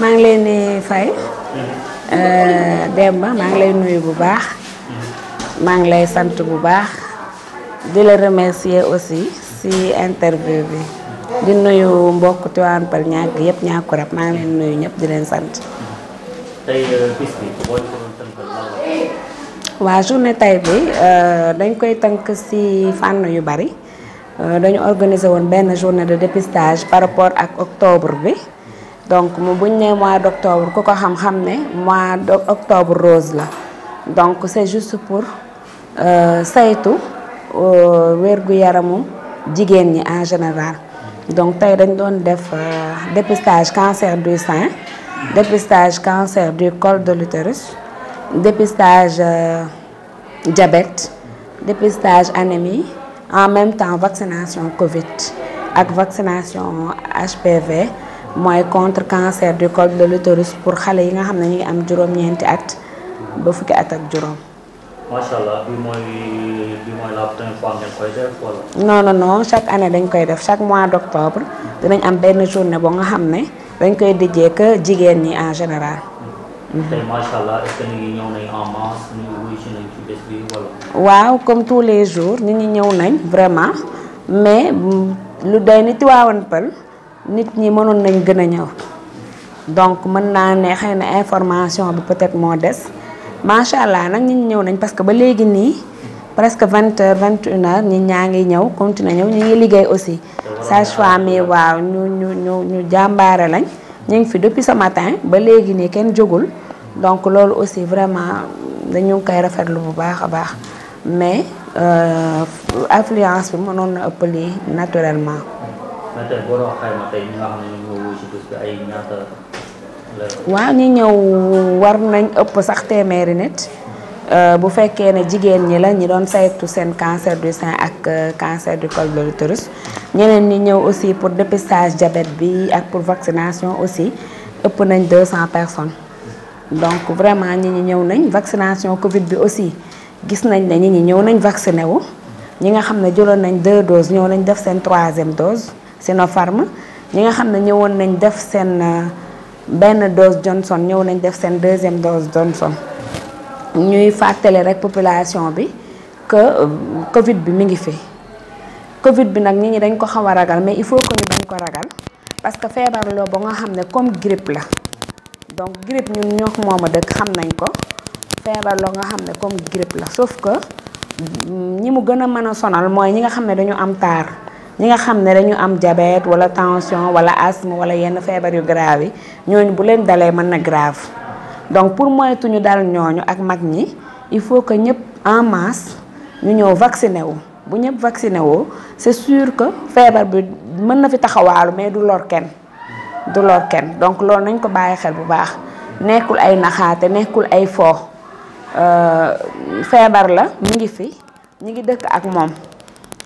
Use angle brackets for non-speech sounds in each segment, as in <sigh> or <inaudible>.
Mang ngi leen di fay Demba mang ngi lay nuyu bu baax maa ngi lay sant bu baax di la remercier aussi si interview bi eh, di nuyu mbokk tuan Peulh ñàkk yëpp ñàkku rab mang leen nuyu ñëpp di leen sant. tey bis bi boo waa journée tey bi dañ koy tënk si fànn yu bari eh, dañu organiser woon benn journée de dépistage par rapport ak octobre bi. donc mu buñ mois d'octobre, ko mois d'octobre rose la donc c'est juste pour euh, saytu euh gu jigen en général donc tay dañ doon def euh, dépistage cancer du sein dépistage cancer du col de l'utérus dépistage euh, diabète dépistage anémie en même temps vaccination Covid avec vaccination HPV mooy contre cancer du col de l'utérus pour xale yi nga xam ne ñu ngi am juróom-ñeenti at ba fukki at ak juróom. macha allah bi chaque année dañ koy def chaque mois d' octobre dinañ am benn journée boo nga xam ne dañ koy dijjee que jigéen ñi en général. Mm-hmm. waaw comme tous les jours nit ñi ñëw nañ vraiment mais lu doy ni Tiwaawan nit ñi mënoon nañ gën a ñëw donc mën naa ne xëy na information bi peut-être moo des macha allah nag ñi ñëw nañ parce que ba léegi nii presque vingt heures vingt une heures ñi ñaa ngi ñëw continuer ñëw ñu ngi liggéey aussi. Ça femme yi waaw ñu ñu ñu ñu jàmbaare lañ ñu ngi fi depuis ce matin ba léegi nii kenn jógul donc loolu aussi vraiment dañu koy rafetlu bu baax a baax mais euh, affluence bi mënoon na ëpp lii naturellement mais tey boo doon xayma tey ñi nga xam ne ñu ngi wuyu si bés bi ay ñaata la. waaw ñi ñëw war nañ ëpp sax téeméeri nit. bu fekkee ne jigéen ñi la ñi doon saytu seen cancer du sein ak eh, cancer du col de l'utérus ñeneen ñi ñëw aussi pour dépistage diabète bi ak pour vaccination aussi ëpp nañ 200 personnes donc vraiment ñi ñi ñëw nañ vaccination Covid bi aussi gis nañ ne ñi ñi ñëw nañ vacciné wu ñi nga xam ne jëloon nañ deux doses ñëw nañ def seen troisième dose. Sinopharm nos nga xam ne ñëwoon nañ def seen euh, benn dose Johnson ñëw nañ def seen deuxième dose Johnson ñuy fàttali rek population bi que euh, Covid bi mi ngi fi Covid bi nak ñi dañ ko xawa ragal mais il faut que ñu bañ ko ragal parce que fièvre lo bo nga xamné comme grippe la donc grippe ñun ñox moma a xam nañ ko fièvre lo nga xamné comme grippe la sauf que mm, ñi mu gëna mëna sonal moy ñi nga xamné dañu am tard ñi nga xam dañu am diabète wala tension wala asthme wala yenn fièvre yu grave yi bu leen dalé mën grave donc pour tuñu dal ñooñu ak mag ñi il faut que ñep en masse ñu ñëw vacciné wu bu ñep vacciné woo c'est sûr que fièvre bi mën fi taxawaalu mais du lor ken du lor ken donc lool nañ ko baye xel bu baax nekkul ay naxate nekkul ay fo euh, fièvre la mi ngi fi ñi ngi dëkk ak moom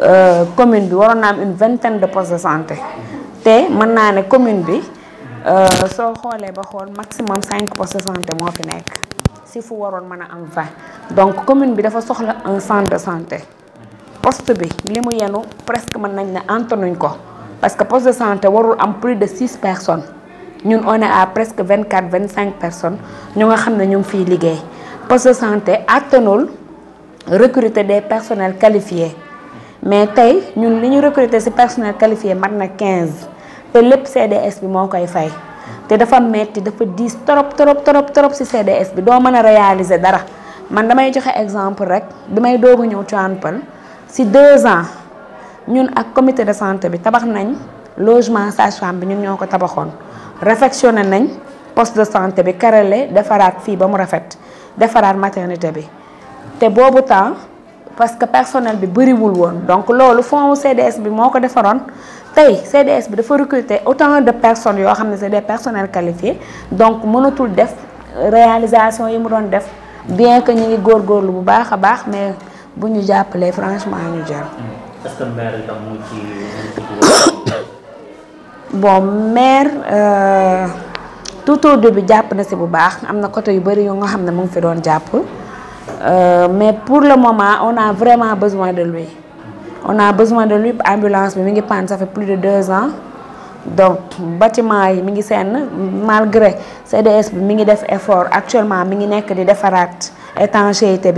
Euh, commune bi une vingtaine de postes de santé Et mën naa ne commune bi euh, soo xoolee ba maximum 5 postes de santé fi si fu waroon mën a am vingt donc commune bi dafa soxla un centre de santé poste bi li presque mën nañ parce que poste de santé warul am plus de 6 personnes Nous, on est presque 24-25 personnes Nous, nga xam ne ñu poste de santé attanul recruter des personnels qualifiés mais tey ñun li ñu recruter ci personnel qualifié mat na quinze te lépp CDS bi moo koy fay te dafa metti dafa diis trop trop trop trop ci CDS bi doo mën a réaliser dara man damay joxe exemple rek bi may doogu ñëw Tivaouane Peulh ci deux ans ñun ak comité de santé bi tabax nañ logement sage-femme bi ñun ñoo ko tabaxoon réfectionné nañ poste de santé bi karale defaraat fii ba mu rafet defaraat maternité bi te boobu temps parce que personnel bi wul won donc lolu fonds CDS bi moko ko tay CDS bi dafa recruter autant de personnes yo xamné c'est des personnels qualifiés donc mënatul def réalisation yi mu doon def bien que ñi ngi góorgóorlu bu baax baax mais buñu jappelé franchement ñu jël. est-ce que maire itam mu ci <coughs> bon maire euh, tout au début japp na ci bu baax amna côté yu bëri yo nga xamné mu fi doon jàpp. Euh, mais pour le moment, on a vraiment besoin de lui. On a besoin de lui. Ambulance, mais ça fait plus de deux ans. Donc, bâtiment, malgré CDS, il fait efforts. Actuellement, il y a des défarats, étanchéité,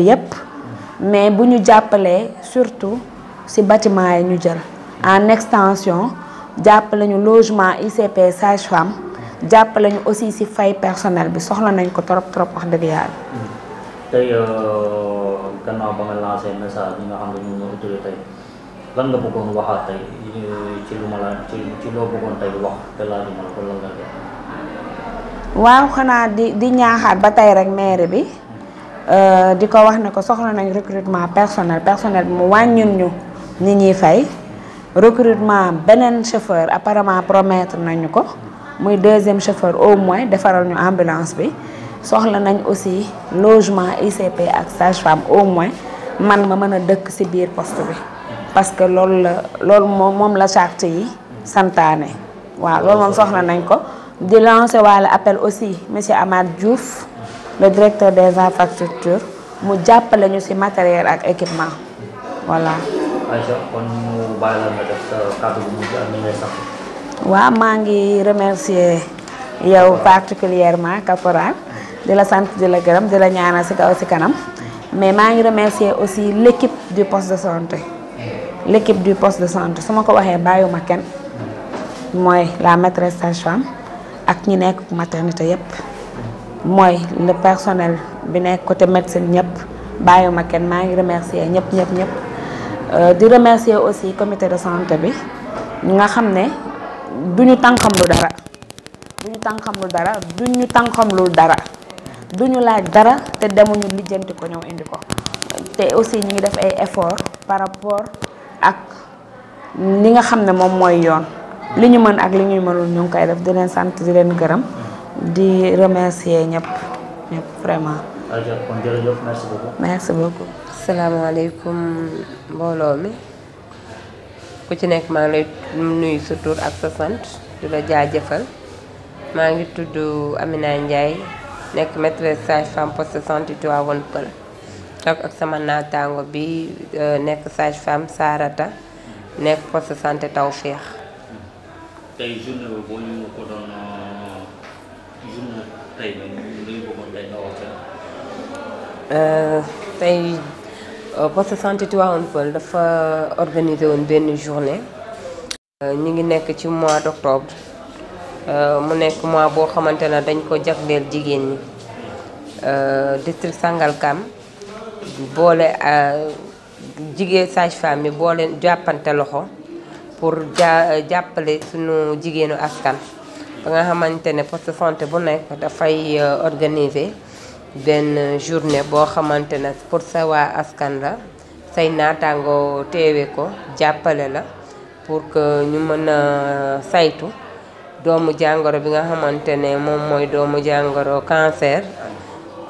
mais bu nous surtout ci bâtiment yi ñu en extension nous ñu logement ICP sage-femme nous ñu aussi ci fay personnel bi soxla nañ ko trop trop wax tey gannaaw ba nga lancé message bi nga xam ne ñu ngi utile lan nga bëggoon waxaat tey ci lu ma la ci loo bëggoon tey wax te laa di ma la waaw xanaa di ñaaxaat ba tey rek maire bi eh, di ko wax ne ko soxla nañ recrutement personnel personnel bi mu wàññin ñu ni ñuy fay recrutement beneen chauffeur apparemment promettre nañu ko muy deuxième chauffeur au moins defaral ñu ambulance bi soxla nañ aussi logement ICP ak sage-femme au moins man ma mën a dëkk ci biir poste bi parce que lool lool mom la charte yi santaane waaw lool mom soxla nañ ko di lancer wala appel aussi monsieur Amad Diouf le directeur des infrastructures mu jappalé ñu ci matériel ak équipement voilà. Wa, kon ngi remercier yow particulièrement caporal de la santé de la gërëm de la ñana ci kaw ci kanam mais ma ngi remercier aussi l'équipe du poste de santé l'équipe du poste de santé sama ko waxee bàyyuma kenn moy la maîtresse sage-femme ak ñi nekk maternité yépp moy le personnel bi nekk côté médecine ñépp bàyyuma kenn ma ngi remercier ñépp ñépp euh, di remercier aussi comité de santé bi nga xamné ne duñu tànqam lu dara duñu tànqam lu dara duñu comme lu dara duñu laaj dara te demuñu lijeenti ko ñëw indi ko té aussi ñi ngi def ay effort par rapport ak li nga xamné mom moy yoon li ñu mën ak li ñuy mënul ñu ngi koy def di len sante di len gëram di remercier ñep ñep vraiment. merci beaucoup. merci beaucoup. salaamaaleykum mbooloo mi ku ci nek ma lay nuyu sa tur ak sa sante dila jaajeufal ma ngi tuddu Amina ndjay nekk maîtresse sage-femme poste de santé Tivaouane Peul toog ak sama naataango bi euh, nekk sage-femme Sarata nekk poste de santé Tawféex. tey journée bi boo ñu ko doon euh, journée tey euh, dafa organiser woon benn journée. ñu ngi nekk ci mois d'octobre. Euh, mu nekk mois boo xamante ne dañ ko jagleel jigéen ñi euh, district Sangalkam boole euh, jigéen sage-femme yi boole jàppante loxo pour ja jàppale sunu jigéenu askan. ba nga xamante ne poste santé bu nekk dafay organiser benn journée boo xamante na pour sa waa askan la say naataango teewe ko jàppale la pour que ñu mën a saytu. doomu jàngoro bi nga xamante ne moom mooy doomu jàngoro cancer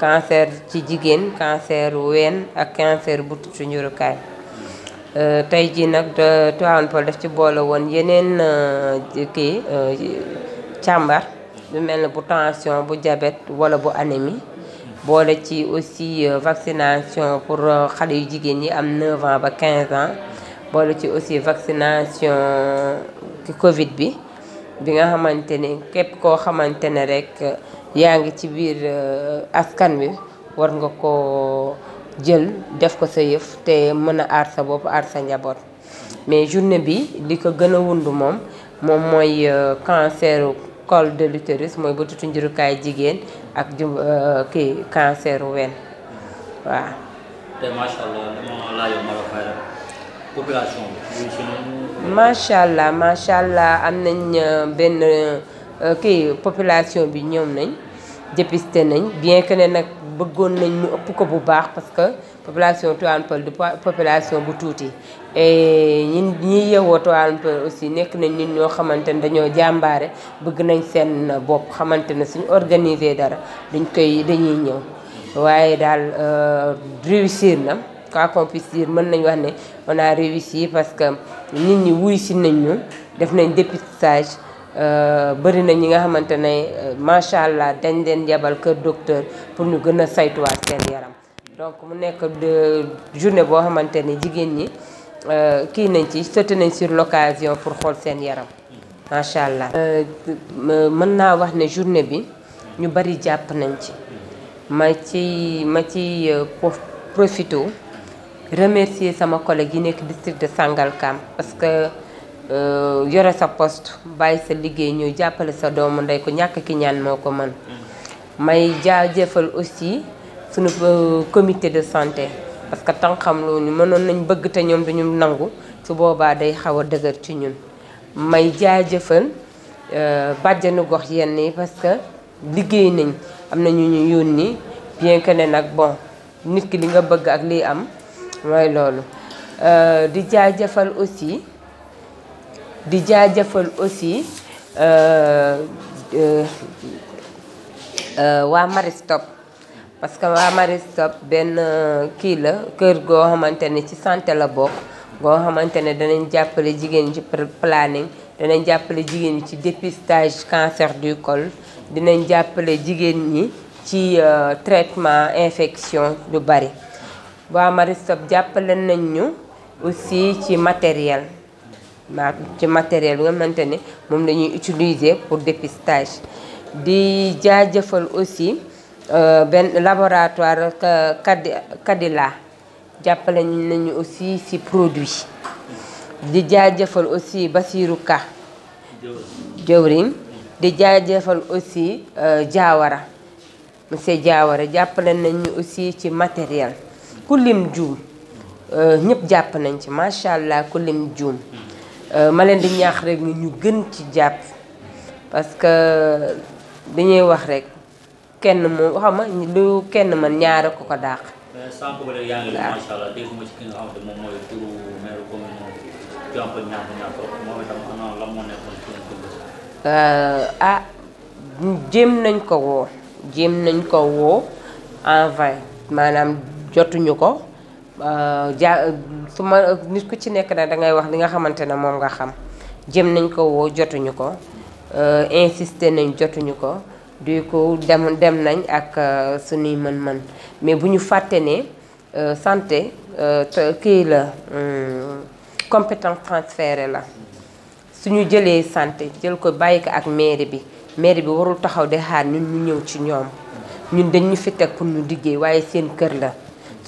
cancer ci jigéen cancer ween ak cancer butitu njurukaay euh, tey ji nag Tivaouane Peulh daf ci boole woon yeneen euh, kii euh, càmbar lu mel ne bu tension bu jabet wala bu anémie boole ci aussi vaccination pour xale yu jigéen ñi am 9 ans ba 15 ans boole ci aussi vaccination Covid bi bi nga xamante ne képp koo xamante ne rek uh, yaa ngi ci biir uh, askan wi war nga ko jël def ko sa yëf te mën a aar sa bopp aar sa njaboot mais journée bi li ko gën a wund moom moom mooy uh, cancer col de l'utérus mooy bëtutu njurukaay jigéen ak ju kii cancer wen population bi. macha allah macha allah am nañ euh, benn euh, kii population bi ñoom nañ dépisté nañ bien que ne nag bëggoon nañ mu ëpp ko bu baax parce que population Tivaouane du population bu tuuti. e ñi ñi yeewoo Tivaouane aussi nekk nañ nit ñoo xamante ne dañoo jàmbaare bëgg nañ seen bopp xamante ne suñu organiser dara dañ koy dañuy ñëw waaye daal euh, réussir na. quoi qu'on puisse mën nañ wax ne on a réussi parce que nit ñi wuy si nañ ñu def nañ dépistage euh, bëri na ñi nga xamante ne euh, macha allah dañ leen yebal kër docteur pour ñu gën a saytuwaat seen yaram donc mu nekk journée boo xamante ne jigéen ñi euh, kii nañ ci sauté nañ sur l'occasion pour xool seen yaram macha allah. mën naa wax ne journée bi ñu bari jàpp nañ ci ma ci ma ci profito remercier sama collègue yi nekk district de Sangalkam parce que euh, yore sa poste bàyyi sa liggéey ñuy jàppale sa doomu ndey ko ñàkk ki ñaan moo ko mën may jaajëfal aussi suñu euh, comité de santé parce que tànqam loolu mënoon nañ bëgg te ñoom dañu nangu su boobaa day xaw a dëgër ci ñun may jaajëfal euh, bàjjanu gox yenn yi parce que liggéey nañ am na ñu ñu yónni bien que ne nag bon nit ki li nga bëgg ak lii am lolu euh di jaajeufal aussi di jaajeufal aussi euh, euh euh waa Maristop parce que waa Maristop ben euh, ki la keur go xamante ci santé la bok go xamante ne danañ jàppale jigéen ci planning danañ jappalé jigen ci dépistage cancer du col dinañ jappalé jigen ñi ci euh, traitement infection du bari waa Maristop jàppale nañ ñu aussi ci matériel maa matériel bi nga xamante ni moom lañuy ñuy utiliser pour dépistage di jaajëfal aussi euh, benn laboratoire Kadi Kadila jàppale nañu aussi ci produit di jaajëfal aussi Basirou Ka jëwriñ di jaajëfal aussi euh, Diawara monsieur Diawara jàppale nañu aussi ci matériel kulim djum euh ñep japp nañ ci machallah kulim djum euh ma leen di ñaax rek ñu gën ci japp parce que dañuy wax rek kenn mo xama lu kenn man ñaar ko ko dàq sànq ba yaa ngi macha allah dégg ma ci turu ana la jotuñu ko euh, ja su ma nit ku ci nekk da dangay wax li nga xamante ne moom nga xam jëm nañ ko woo jotuñu ko euh, insister nañ jotuñu ko du ko dem dem nañ ak euh, suñuy mën-mën mais bu ñu fàtte ne santé kii la compétence transférée la suñu jëlee santé jël ko bàyyi ko ak mairie bi mairie bi warul taxaw di xaar ñun ñu ñëw ci ñoom ñun dañu fi teg pour ñu liggéey waaye seen kër la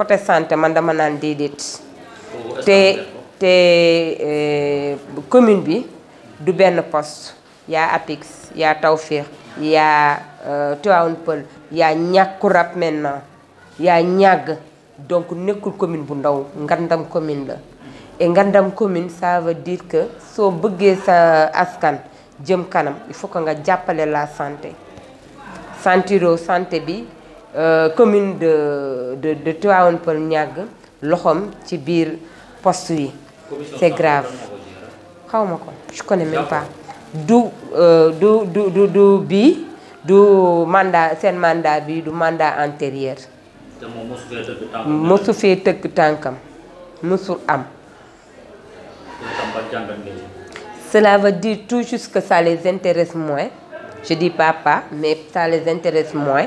côté santé man dama naan déedéet te te euh, commune bi du benn post yaa APIX yaa Tawféex yaa euh, Tivaouane Peulh yaa ñàkku rab maintenant yaa ñàgg donc nekkul commune bu ndaw ngandam commune la et ngandam commune ça veut dire que soo bëggee sa askan jëm kanam il faut que nga jàppale la santé santiroo santé bi Euh, commune de de de Tivaouane Peulh c'est grave hein. je ne connais même pas. Euh, du du du du du mandat mandat bi du mandat antérieur. am. Cela veut dire tout juste que ça les intéresse moins je dis pas pas mais ça les intéresse moins.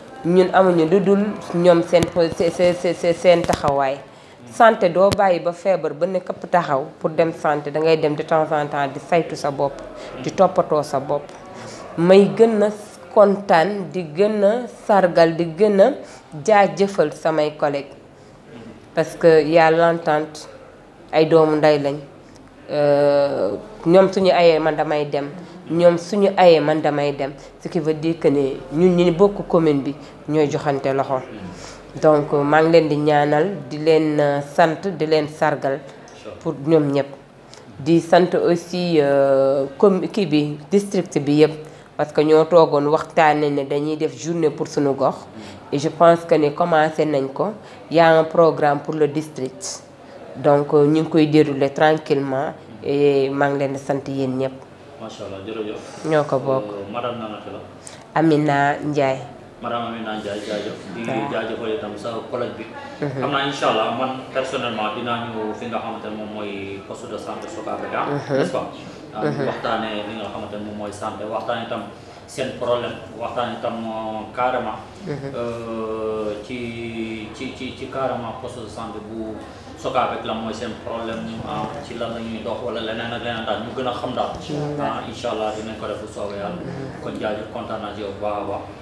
ñun amuñu lu dul ñoom seen seen taxawaay. santé doo bàyyi ba feebar ba ne këpp taxaw pour dem santé dangay dem de temps en temps di saytu sa bopp. di toppatoo sa bopp. may gën a kontaan di gën a sargal di gën a jaajëfal samay collègues. parce que y ay doomu ndey lañ euh, ñoom suñu ayee man damay dem. ñoom suñu ayee man damay dem ce qui veut dire que nous ñun beaucoup bokk commune bi ñooy joxante loxo donc euh, maa ngi leen di ñaanal di leen euh, sant di leen sargal pour ñom ñep di sant aussi euh, comme kii bi district bi yeb parce que ñoo togon waxtane ne dañuy def journée pour suñu gox et je pense que ne commencé nañ ko y a un programme pour le district donc ñing koy dérouler tranquillement et maa ngi leen di sante yeen ñep macha allah jërëjëf. ñoo ko bokk euh, madame Nana la. Amina Ndiaye. madame Amina Ndiaye jaajëf. di jaajëfal itam sa collègue bi. Mhm. xam naa incha allah man personnellement dinaa ñëw fi nga xamante ne moom mooy poste de santé Sokabeda. Ah, mhm. n'est-ce pas. Mhm. waxtaanee li moom mooy santé waxtaanee itam seen problème waxtaanee itam euh, carrément. Euh, ci ci ci ci carrément poste de santé bu. Sokabe ak lan mooy seen problème ci ah, lan la ñuy dox wala leneen ak leneen daal ñu gën a xam daal. incha allah incha allah ko def bu soobee yàlla. kon jaajëf kontaan naa a baax.